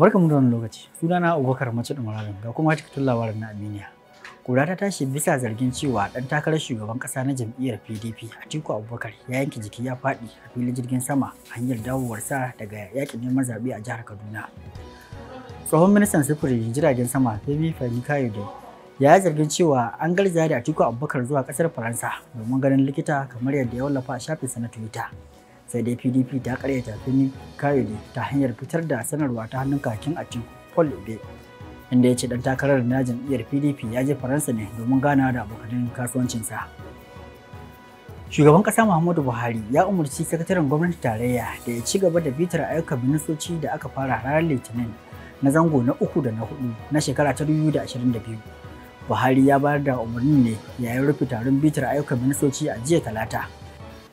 Barka mu da wani lokaci. Sunana Abubakar Mace Dumaralan ga kuma cikakken labarin na Aminiya. Kura ta tashi bisa zargin cewa dan takarar shugaban kasa na jam'iyyar PDP Atiku Abubakar ya yanke jiki ya faɗi a filin jirgin sama hanyar dawowarsa daga yakin neman zaɓe a jihar Kaduna. Tsohon ministan sufuri jiragen sama Femi Fani ya zargin cewa an garzaya da Atiku Abubakar zuwa kasar Faransa domin ganin likita kamar yadda ya wallafa a shafinsa na Twitter. sai dai pdp ta karyata fini ne ta hanyar fitar da sanarwa ta hannun kakin a cikin paul obe inda ya ce dan takarar na jam'iyyar pdp ya je faransa ne domin gana da abokanin kasuwancinsa shugaban kasa muhammadu buhari ya umarci sakataren gwamnati tarayya da ya ci gaba da bitar ayyukan ministoci da aka fara ranar litinin na zango na uku da na hudu na shekara ta 2022 buhari ya bayar da umarni ne yayin rufe taron bitar ayyukan ministoci a jiya talata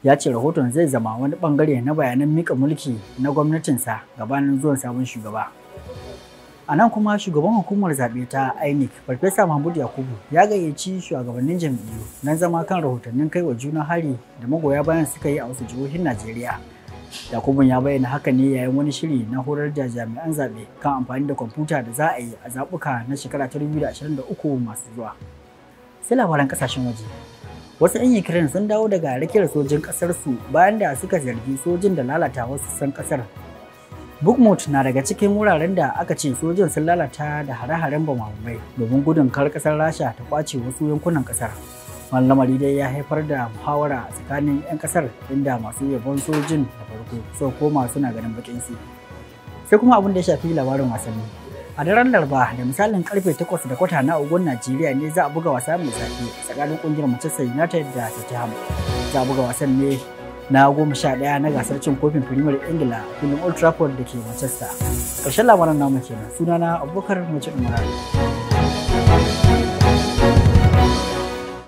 ya ce rahoton zai zama wani bangare na bayanan mika mulki na gwamnatinsa gabanin zuwan sabon shugaba. A nan kuma shugaban hukumar zaɓe ta INEC, Farfesa Mahmud Yakubu ya gayyaci shugabannin jam'iyyu nan zama kan rahotannin kai wa juna hari da magoya bayan suka yi a wasu jihohin Najeriya. Yakubu ya bayyana haka ne yayin wani shiri na horar da jami'an zaɓe kan amfani da kwamfuta da za a yi a zaɓuka na shekara ta 2023 masu zuwa. Sai labaran ƙasashen waje. Wasu 'yan Ukraine sun dawo daga rakiyar sojin ƙasarsu bayan da suka zargi sojin da lalata wasu san ƙasar. Bukmut na daga cikin wuraren da aka ce sojin sun lalata da hare-haren bamamai domin gudun kar kasar Rasha ta kwace wasu yankunan ƙasar. Wannan lamari dai ya haifar da muhawara a tsakanin 'yan ƙasar inda masu yabon sojin da farko sau koma suna ganin bakin su. Sai kuma abin da ya shafi labarin wasanni. a daren laraba da misalin karfe 8 da kwata na agogon najeriya ne za a buga wasa mai zafi tsakanin kungiyar manchester united da tottenham za a buga wasan ne na goma sha ɗaya na gasar cin kofin firimar ingila filin old trafford da ke manchester ƙarshen labaran namu kenan sunana abubakar mace umaru